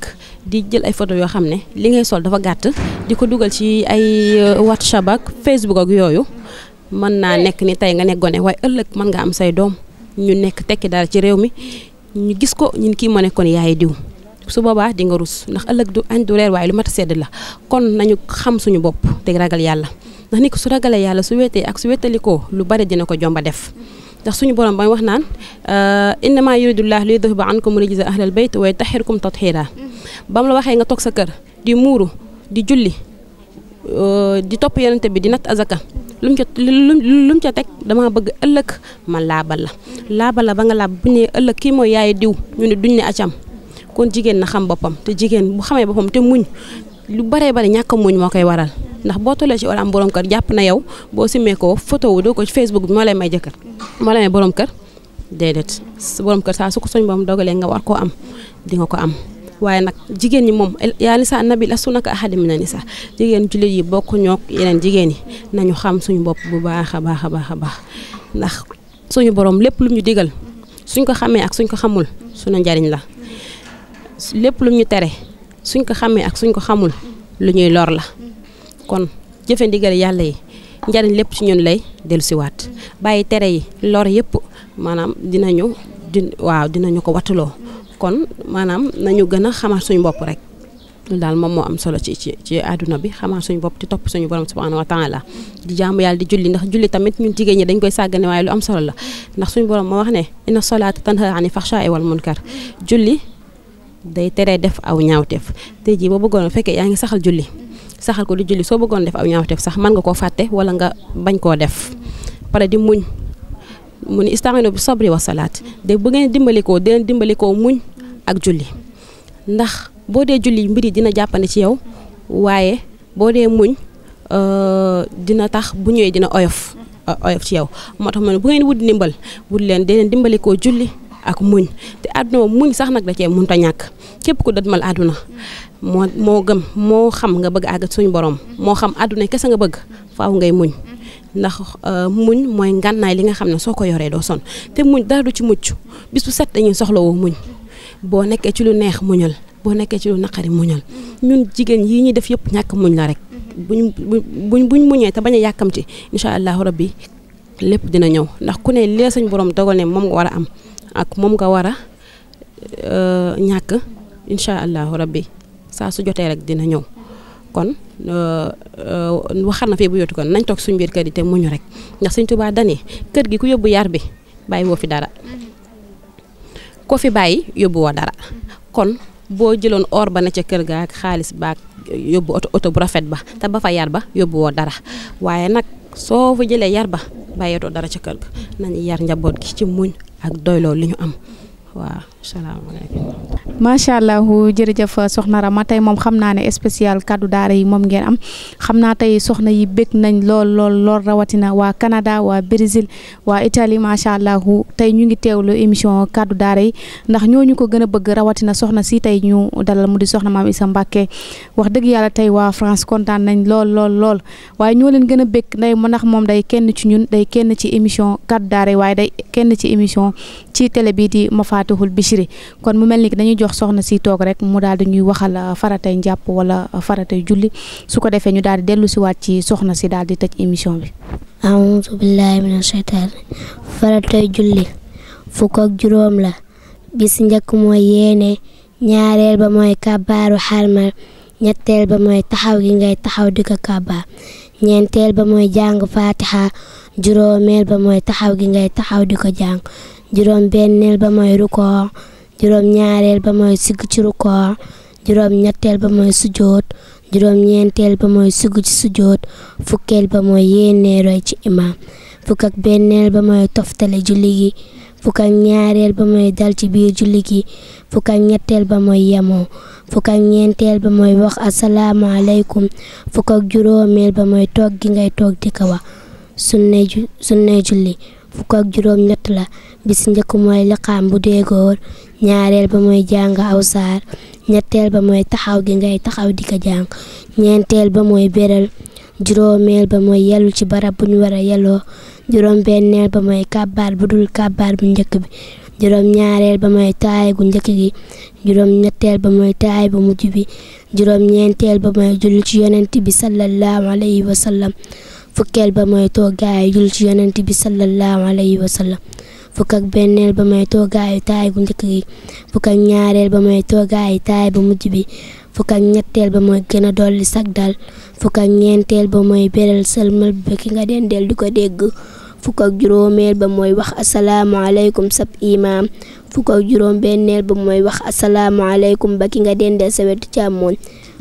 di jël ay photo yoo xam ne li ngay sol dafa gàtt di ko dugal ci ay euh, WhatsApp ak Facebook ak yooyu mën naa nekk ni tey nga nekk gone waaye ëllëg mën nga am say doom ñu nekk tekki dara ci réew mi ñu gis ko ñun kii moo nekkoon yaay diw su boobaa di nga rus ndax ëllëg du añ du reer waaye lu mat sedd la kon nañu xam suñu bopp te ragal yàlla ndax nit ko su ragalee yàlla su wetee ak su wéetalikoo lu bari dina ko jomba def ndax suñu borom ba wax naan euh, innama yuridullah li yudhiba ankum rijza ahlal bayt wa yutahhirakum tathira bam la waxee nga toog sa kër di muuru di julli euh, di topp yonente bi di natt azaka lu mu ca teg damaa bëgg ëllëg ma laabal la laabal la ba nga laab bu ne ëllëg kii mooy yaay diw ñu ne duñ ne acam kon jigéen na xam boppam te jigéen bu xamee boppam te muñ lu baree bari ñàkk muñ moo koy waral ndax boo tollee ci wala am borom kër jàpp na yow boo simee ko photo doo ko ci Facebook bi moo lay may jëkkër moo lay may borom kër déedéet borom kër saa su ko soñ boom dogalee nga war koo am di ko am waaye nag jigéen ñi moom yaa nisa nabi lastu naka ahadin mina nisa jigéen jullit yi bokk ñook yeneen jigéen yi nañu xam suñu bopp bu baax a baax a baax a baax ndax suñu borom lépp lu ñu digal suñ ko xamee ak suñ ko xamul suñu njariñ la lépp lu ñu tere suñ ko xamee ak suñ ko xamul lu ñuy lor la kon jëfe ndigal yàlla yi njariñ lépp ci ñun lay dellu dellusiwaat bàyyi tere yi lor yëpp maanaam dinañu di waaw dinañu ko wattuloo kon maanaam nañu gën a xamaat suñu bopp rek loolu daal moom moo am solo ci ci ci àdduna bi xamaat suñu bopp di topp suñu borom subhanahu wa taala di jaamu yàlla di julli ndax julli tamit ñun jigéen ñi dañ koy sàggane waaye lu am solo la ndax suñu borom moo wax ne inna solaata tanha ani day teree def aw ñaawteef tey jii boo bëggoon fekkee yaa ngi saxal julli saxal ko di julli soo bëggoon def aw ñaawteef sax mën nga koo fàtte wala nga bañ koo def pare di muñ mu ni istaxinu bi sabri wa salaat de bu ngeen dimbalikoo dinañ dimbalikoo muñ ak julli ndax boo dee julli mbir yi dina jàppane ci yow waaye boo dee muñ euh, dina tax bu ñëwee dina oyof oyof ci yow moo tax ma bu ngeen wut ndimbal wut leen dee dimbalikoo julli ak muñ te àdduna muñ sax nag da cee mënta ñàkk képp ku dëdmal àdduna moo moo gëm moo xam nga bëgg àggat suñu borom moo xam àdduna kese nga bëgg faaw ngay muñ ndax euh, muñ mooy ngànnaay li nga xam ne soo ko yoree doo son te muñ dara du ci mucc bis bu set dañuy soxlawoo muñ boo nekkee ci lu neex muñal boo nekkee ci lu naqari muñal ñun jigéen yii ñuy def yëpp ñàkk muñ la rek buñ buñ buñ muñee te bañ a yàkkamti incha allahu rabbi lépp dina ñëw ndax ku ne lee sañ borom dogal ne moom war a am. ak moom nga war a euh, ñàkk incha allahu rabbi saa su jotee rek dina ñëw kon euh, euh, waxar na fee bu yotu kon nañ toog suñu biir kër yi te muñu rek ndax suñ tubaa danee kër gi ku yóbbu yar bi bàyyi woo fi dara ko fi bàyyi yóbbu woo dara kon boo jëloon or ba na ca kër ga ak xaalis baak yóbbu oto oto bu rafet ba te ba fa yar ba yóbbu woo dara waaye nag soo fa jëlee yar ba bàyyeetoo dara ca kër ga nañu yar njaboot gi ci muñ ak doyloo li ñu am waaw salaamaaleykum macha allah jërëjëf soxna Rama tey moom xam naa ne spécial kàddu daara yi moom ngeen am xam naa tey soxna yi bég nañ lool lool lool rawatina waa Canada waa Brésil waa Italie macha allah tey ñu ngi teewlu émission kàddu daara yi ndax ñoo ñu ko gën a bëgg rawatina soxna si tey ñu dalal mu di soxna maam Issa Mbacké wax dëgg yàlla tey waa France kontaan nañ lool lool lool waaye ñoo leen gën a bég nday mu ndax moom day kenn ci ñun day kenn ci émission kàddu waaye day kenn ci émission ci kon mu mel ni dañuy jox soxna si toog rek mu daal di ñuy waxal uh, faratay njàpp walla uh, faratay julli su ko defee ñu daal di dellu si ci soxna si daal di tëj émission bi. aouzu billahi mina shaytaan faratay julli fukk juróom la bis njëkk mooy yéene ñaareel ba mooy kabaaru xarmal ñetteel ba mooy taxaw gi ngay taxaw di ko kabaar ñeenteel ba mooy jàng faatixa juróomeel ba mooy taxaw gi ngay taxaw di ko jàng juróom benneel ba mooy ruko juróom ñaareel ba mooy sigg ci ruko juróom ñetteel ba mooy sujoot juróom ñeenteel ba mooy sigg ci sujoot fukkeel ba mooy yéenee roy ci imaam fukk ak benneel ba mooy toftale julli gi fukk ak ñaareel ba mooy dal ci biir julli gi fukk ak ñetteel ba mooy yemoo fukk ak ñeenteel ba mooy wax asalaamaaleykum fukk ak juróomeel ba mooy togg gi ngay toog di ko wax julli fukk ak juróom-ñett la bis njëkk mooy liqaam bu dee ñaareel ba mooy jàng aw ñetteel ba mooy taxaw gi ngay taxaw di ko jàng ñeenteel ba mooy béral juróomeel ba mooy yellu ci barab bu ñu war a yelloo juróom-benneel ba mooy kàbbaar bu dul kàbbaar bu njëkk bi juróom-ñaareel ba mooy taay gu njëkk gi juróom-ñetteel ba mooy taay bu mujj bi juróom-ñeenteel ba mooy julli ci yonent bi sallallahu alayhi wa fukkeel ba mooy toogaayu jul ci yonent bi sallallahu alayhi wa sallam fukk ak benneel ba mooy toogaayu taay bu njëkk gi fukk ñaareel ba mooy toogaayu taay bu mujj bi fukk ñetteel ba mooy gën a dolli sag dal fukk ñeenteel ba mooy beral salmal ba ki nga dendeel di ko dégg fukk ak juróomeel ba mooy wax asalaamaaleykum sab imaam fukk ak juróom benneel ba mooy wax asalaamaaleykum ba ki nga dendeel sa wetu càmmoñ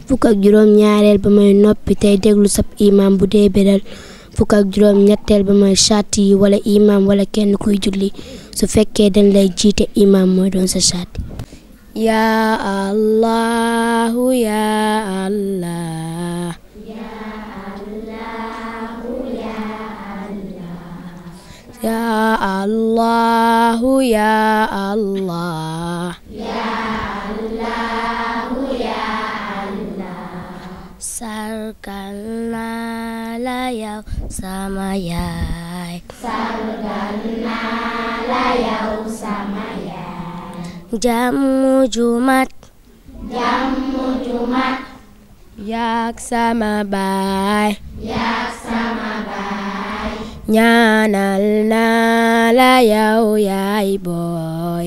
fukk ak juróom ñaareel ba may noppi tey déglu sab imaam bu dee beral fukk juróom ñetteel ba mooy chatti yi wala imaam wala kenn kuy julli su fekkee dañ lay jiite imaam mooy doon sa chatti yaa allahu yaa allah yaa allahu yaa allah sargal naa la yow sama yaay. sargal naa la yow sama yaay. jàmmu jumat. jàmmu jumat. yaak sama baay. yaak sama baay. ñaanal naa la yow yaay booy.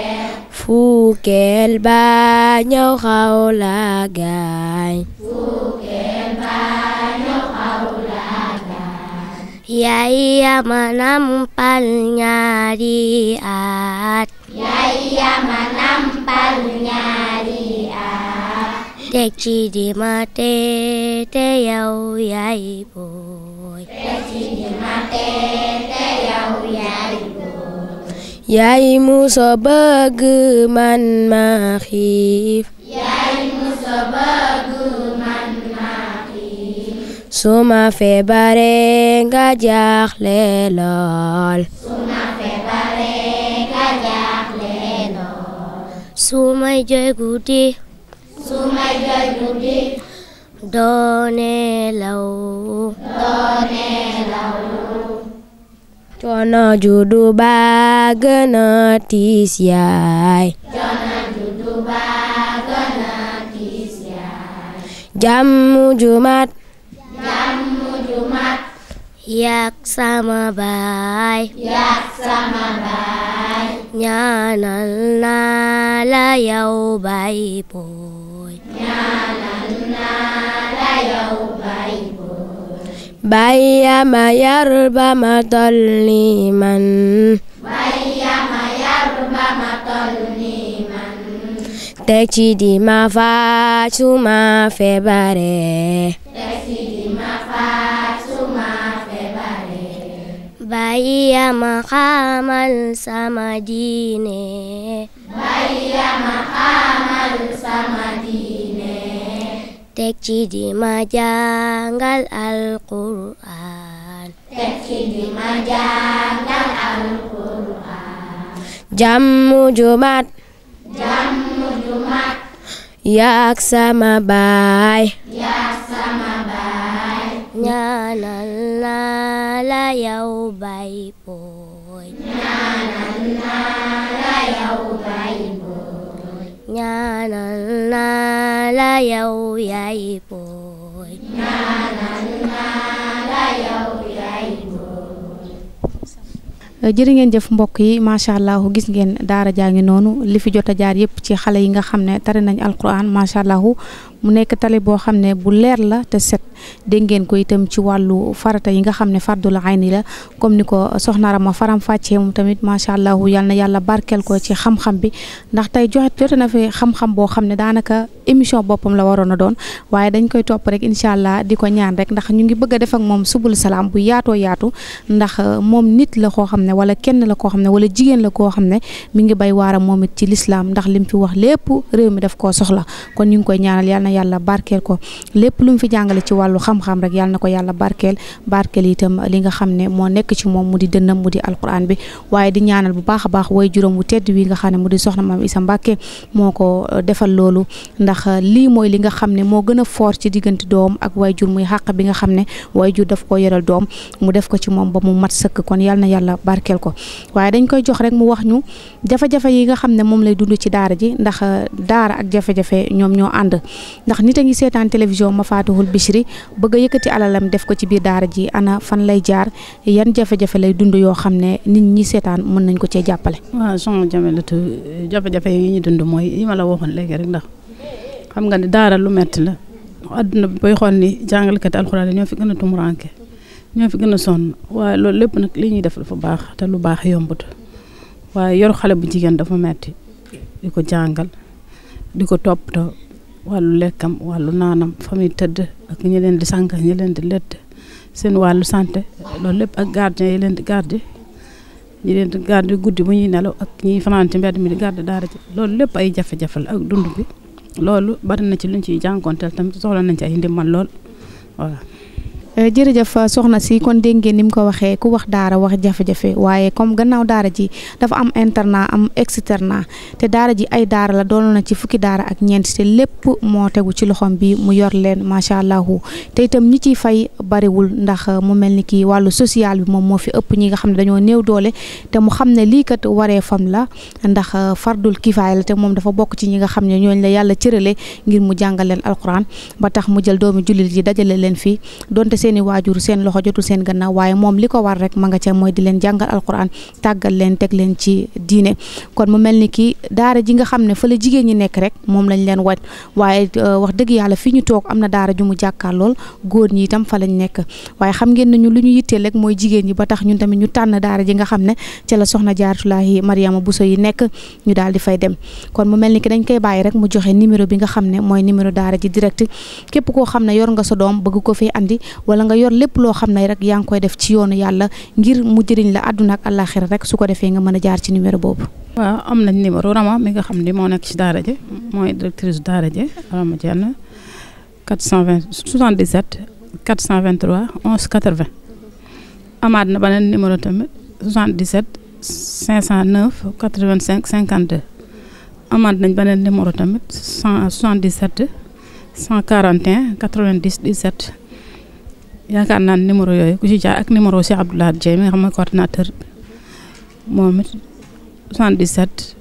fukkeel ba ñëw xaw la gaañ ba ñëw xaw la gaañ yaay yama nampal ñaari at yaay ci di te te yaay booy teg ci di yaay muso bëgg man ma xiif yaay muso bëgg man ma xiif suma feebare nga jaaxle lool coono juddu baa gën a tiis yaay jàmmu jumat jàmmu jumat yak sama baay yak sama baay ñaanal naa baay booy naa la yow baay Bayyama yarba matolli man. Bayyama yarba man. Teg ci di ma faj suma feebare. Teg ma faj sama diine. teg ci di ma jàngal alquran. teg ci di ma jàngal alquran. jàmm jumaat. jàmm jumaat. yaak sama baay. yaak sama baay. ñaanal naa la yow bay booy. ñaanal naa la yow. ñaanal naa la ngeen jëf mbokk yi macha allah gis ngeen daara jaa ngi noonu li fi jot jaar yëpp ci xale yi nga xam ne tare nañ alquran macha allah mu nekk tali boo xam ne bu leer la te set dégg ngeen ko itam ci wàllu farata yi nga xam ne fardul ayni la comme ni ko soxna ma faram fàccee moom tamit macha allah yal na yàlla barkeel ko ci xam-xam bi ndax tey joxe jote na fi xam-xam boo xam ne daanaka émission boppam la waroon a doon waaye dañ koy topp rek incha allah di ko ñaan rek ndax ñu ngi bëgg a def ak moom subul salaam bu yaatoo yaatu ndax euh, moom nit la koo xam ne wala kenn la koo xam ne wala jigéen la koo xam ne mi ngi bay waaram moom it ci lislaam ndax lim fi wax lépp réew mi daf koo soxla kon ñu ngi koy yàlla barkeel ko lépp lu mu fi jàngale ci wàllu xam-xam rek yàlla na ko yàlla barkeel barkeel itam li nga xam ne moo nekk ci moom mu di dënnam mu di alquran bi waaye di ñaanal bu baax a baax way juróom wu tedd nga xam ne mu di soxna maam Isa Mbàkke moo ko euh, defal loolu ndax euh, lii mooy li nga xam ne moo gën a foor ci diggante doom ak way jur muy xàq bi nga xam ne way jur daf ko yoral doom mu def ko ci moom ba mu mat sëkk kon yàlla na yàlla barkeel ko waaye dañ koy yi nga xam ne moom lay dund ci daara ji ndax euh, daara ak jafe-jafe ñoom ñoo ànd ndax nit a ngi seetaan télévision ma faatuhul Bichri bëgg a yëkkati alalam def ko ci biir daara ji ana fan lay jaar yan jafe-jafe lay dund yoo xam ne nit ñi seetaan mën nañ ko cee jàppale. waaw soxna Jamalatu jafe-jafe dund mooy yi ma la waxoon léegi rek ndax xam nga ne daara lu metti la adduna booy xool ni jàngalkati alxuraan ñoo fi gën a ñoo fi gën a sonn waaye loolu lépp nag li ñuy def dafa baax te lu baax yombut waaye yor xale bu jigéen dafa metti di ko jàngal di ko toppatoo wàllu lekkam wàllu naanam fa muy tëdd ak ñi leen di sànq ñi leen di lett seen wàllu santé loolu lépp ak gardien yi leen di garde ñi leen di garde guddi bu ñuy nelaw ak ñiy fanaan ci mbedd mi di garde daara ji loolu lépp ay jafe-jafe la ak dund bi loolu bari na ci luñ ciy jànkonteel tamit soxla nañ ci ay ndimbal lool voilà Eh, jërëjëf eh, soxna si kon dégg ngeen ni mu ko waxee ku wax daara wax jafe-jafe waaye comme gannaaw daara ji dafa am internat am externat te daara ji ay daara la doon na ci fukki daara ak ñeent te lépp moo tegu ci loxoom bi mu yor leen macha allah te itam ñi ciy fay bariwul ndax eh, mu mel ni kii wàllu social bi moom moo fi ëpp ñi nga xam ne dañoo néew doole te mu xam ne lii kat waree fam la ndax fardul kifaaya la te moom dafa bokk ci ñi nga xam ne ñooñ la yàlla cërale ngir mu leen alquran ba tax mu jël doomi jullit yi dajale leen fii seen i waajur seen loxo jotul seen gannaaw waaye moom li ko war rek ma nga ca mooy di leen jàngal alquran tàggal leen teg leen ci diine kon mu mel ni ki daara ji nga xam ne fa la jigéen ñi nekk rek moom lañ leen wat waaye euh, wax dëgg yàlla fi ñu toog am na daara ju mu jàkkaar góor ñi itam fa lañ nekk waaye xam ngeen nañu lu ñu yitteel rek mooy jigéen ñi ba tax ñun tamit ñu tànn daara ji nga xam ne ca la soxna Jaaratullaahi Mariama Bousso yi nekk ñu daal di fay dem kon mu mel ni ki dañ koy bàyyi rek mu joxe numéro bi nga xam ne mooy numéro daara ji direct képp koo xam ne yor nga sa doom bëgg ko fi andi wala nga yor lépp loo xam ne rek yaa ngi koy def ci yoonu yàlla ngir mu jëriñ la àdduna ak àllaaxira rek su ko defee nga mën a jaar ci numéro boobu. waaw am nañ numéro Rama mi nga xam ne moo nekk ci daara ji mooy directrice daara ji Rama Diène 420 77 423 11 80 amaat na beneen numéro tamit 77 509 85 52 amaat nañ beneen numéro tamit 177 141 90 17 yaakaar naa numéro yooyu ku ci jaar ak numéro Cheikh Abdou Lahad Dieye mi nga xam ne coordinateur moom it 77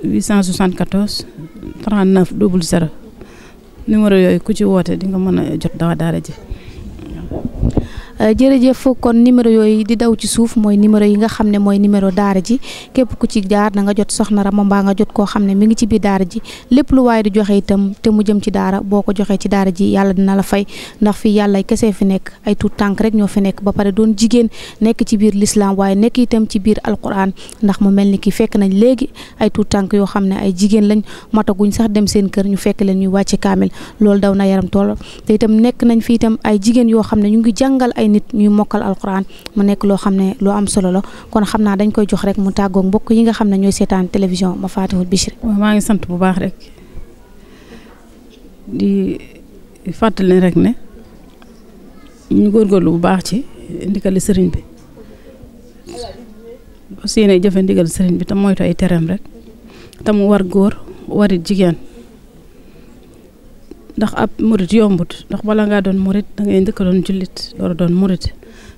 874 39 00 numéro yooyu ku ci woote di nga mën a jot Daara ji Euh, jërëjëf kon numéro yooyu di daw ci suuf mooy numéro yi nga xam ne mooy numéro daara ji képp ku ci jaar na nga jot soxna Rama mbaa nga jot koo xam ne mi ngi ci biir daara ji lépp lu waaye di joxe itam te mu jëm ci daara boo ko joxee ci daara ji yàlla dina la fay ndax fi yàlla kese fi nekk ay tuut tànk rek ñoo fi nekk ba pare doon jigéen nekk ci biir lislaam waaye nekk itam ci biir alquran ndax mu mel ni kii fekk nañ léegi ay tuut tànk yoo xam ne ay jigéen lañ mataguñ sax dem seen kër ñu fekk leen ñuy wàcce kaamil loolu daw na yaram tool yoo xam ne ñu nit ñuy mokkal alquran mu nekk loo xam ne loo am solo la kon xam naa dañ koy jox rek mu tàggook mbokk yi nga xam ne ñooy seetaan télévision ma faatihul Bichri maa ngi sant bu baax rek di fàttali rek ne ñu góorgóorlu bu baax ci ndigali sëriñ bi ba seen jëfe ndigal sëriñ bi tam moytu ay tereem rek te war góor warit jigéen ndax ab murit yombut ndax bala nga doon murit da ngay njëkk a doon jullit door doon murit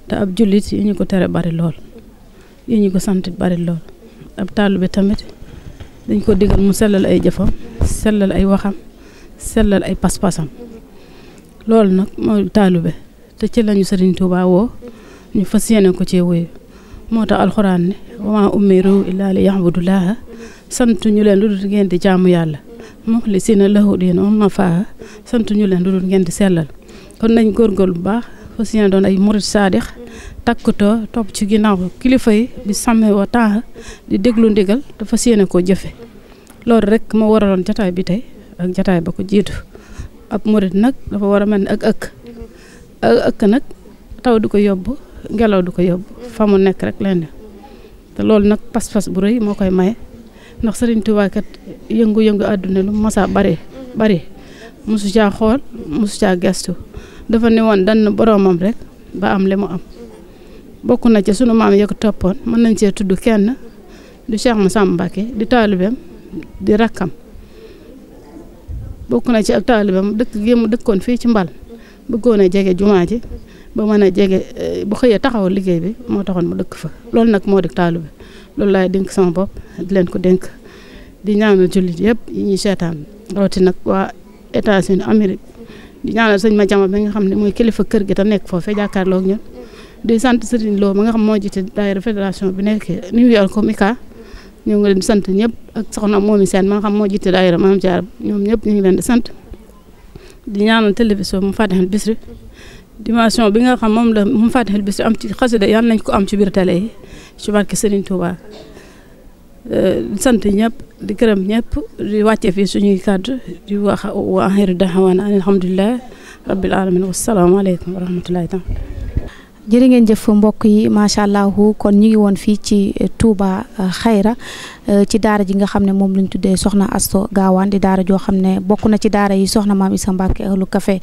te ab jullit yi ñu ko tere bari lool yi ñu ko santit bari lool ab taalibe tamit dañ ko digal mu sellal ay jëfam sellal ay waxam sellal ay pas-pasam loolu nag mooy taalibe te ci lañu Sëriñ Tuubaa woo ñu fas yéene ko cee wuyu moo tax alxuraan ne wa maa umiru illaa li yaxbudullaaha sant ñu leen lu dul ngeen di jaamu yàlla muxlisina lahu diinahum hunafa sant ñu leen lu dul ngeen di sellal kon nañ góorgóorlu bu baax fas doon ay murit saadix takkutoo topp ci ginnaaw kilifa yi bi sàmme wa di déglu ndigal te yéene koo jëfe loolu rek moo waraloon jataay bi tey ak jataay ba ko jiitu ab murit nag dafa war a mel ni ak ëkk ak ëkk nag taw di ko yóbbu ngelaw du ko yóbbu fa mu nekk rek leen te loolu nag pas-pas bu rëy moo koy may ndax sëriñ Tuubaa yëngu-yëngu àdduna lu masaa bare bare mosu caa xool mosu caa gestu dafa ne woon dann boroomam rek ba am li mu am bokk na ci sunu maam ya toppoon mën nañ cee tudd kenn du Cheikh Moussa Mbacké di taalibeem di rakkam bokk na ci ak taalibeem dëkk gi mu dëkkoon fii ci mbal bëggoon a jege jumaa ji ba mën a jege eh, bu xëyee taxaw liggéey bi moo taxoon mu dëkk fa loolu nag moo di taalibe loolu laay dénk sama bopp di leen ko dénk di ñaanal jullit yëpp yi ñuy seetaan rawati nag waa États-Unis Amérique di ñaanal sëñ ma jama bi nga xam ne mooy kilifa kër gi te nekk foofee jàkkaarloog ñun di sant Serigne Lo ma nga xam moo jiite daayira fédération bi nekk New York comme ICA ñoo ngi leen di sant ñëpp ak soxna Momi Sène ma nga xam moo jiite daayira maam Diarra ñoom ñëpp ñu ngi leen di sant di ñaanal télévision mu fàttali bisri dimension bi nga xam moom la mu fàttali bis am ci xasida yan nañ ko am ci biir télé ci barke Serigne Touba euh, sant ñëpp di gërëm ñëpp di wàcce fii suñuy kàddu di wax wa axiru daxawaana alhamdulilah rabbil alamin wasalaamaaleykum wa rahmatullahi taala jërë ngeen jëf mbokk yi macha allah kon ñu ngi woon fii ci eh, Touba Xayra eh, eh, ci daara ji nga xam ne moom lañ tuddee soxna Asto Gaawaan di daara joo xam ne bokk na ci daara yi soxna maam Isa Mbàkke alu Kafe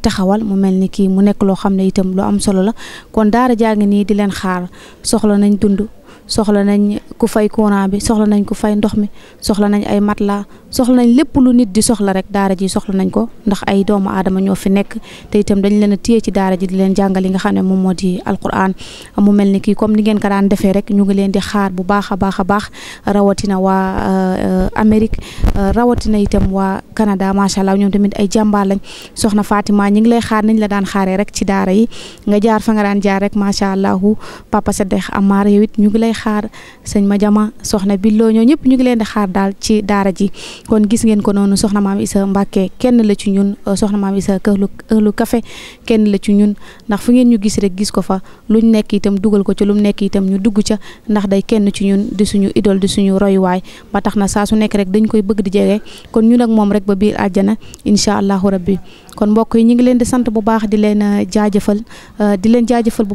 taxawal mu mel ni kii mu nekk loo xam ne itam lu am solo la kon daara jaa ngi nii di leen xaar soxla nañ dund. soxla nañ ku fay courant bi soxla nañ ku fay ndox mi soxla nañ ay mat la soxla nañ lépp lu nit di soxla rek daara ji soxla nañ ko ndax ay doomu aadama ñoo fi nekk te itam dañ leen téye ci daara ji di leen jàngal yi nga xam ne moom moo di alquran mu mel ni kii comme ni ngeen ko daan defee rek ñu ngi leen di xaar bu baax baax a baax rawatina waa euh, Amérique euh, rawatina itam waa Canada macha allah ñoom tamit ay jàmbaar lañ soxna Fatima ñi ngi lay xaar nañ la daan xaaree rek ci daara yi nga jaar fa nga daan jaar rek macha allah papa Saddex Amar yow it ñu ngi lay lay xaar sëñ ma jama soxna billoo ñoo ñëpp ñu ngi leen di xaar daal ci daara ji kon gis ngeen ko noonu soxna maam isa mbàkke kenn la ci ñun euh, soxna maam isa këhlu kafe kenn la ci ñun ndax fu ngeen ñu gis rek gis ko fa luñ nekk itam dugal ko ci lu mu nekk itam ñu dugg ca ndax day kenn ci ñun di suñu idol di suñu royuwaay ba tax na saa su nekk rek dañ koy bëgg di jege kon ñu ak moom rek ba biir àjjana incha allahu rabbi kon mbokk yi ñu ngi leen di sant euh, euh,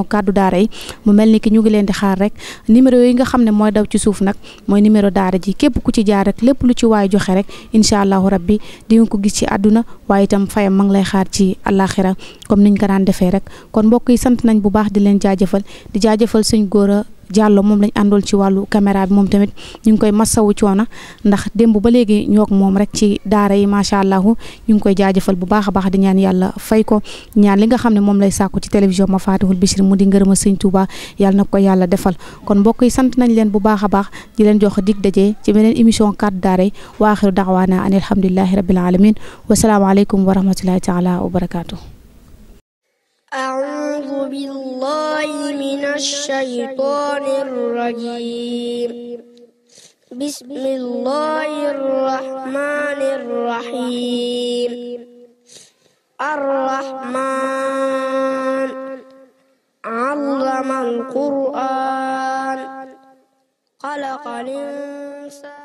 a baax kaddu daara yi mu mel ni ki ñu ngi leen di xaar rek numéro yi nga xam ne mooy daw ci suuf nag mooy numéro daara ji képp ku ci jaar rek lépp lu ci waay joxe rek incha allahu rabbi di nga ko gis ci àdduna waaye itam fayam ma lay xaar ci àllaaxira comme niñ ko daan defee rek kon mbokk yi sant nañ bu baax di leen jaajëfal di jaajëfal sëñ góora Diallo moom lañ àndool ci wàllu caméra bi moom tamit ñu ngi koy massawu coona ndax démb ba léegi ñoog moom rek ci daara yi macha allah ñu ngi koy jaajëfal bu baax a baax di ñaan yàlla fay ko ñaan li nga xam ne moom lay sàkku ci télévision ma faatihul Bichri mu di ngërëma sëñ Touba yàlla na ko yàlla defal kon mbokk yi sant nañ leen bu baax a baax di leen jox dig daje ci beneen émission kàddu daara yi wa axiru da'waana an alhamdulillahi rabbil alamin wasalaamaaleykum wa rahmatullahi taala wa barakaatu بالله من الشيطان الرجيم بسم الله الرحمن الرحيم الرحمن علم القرآن خلق الإنسان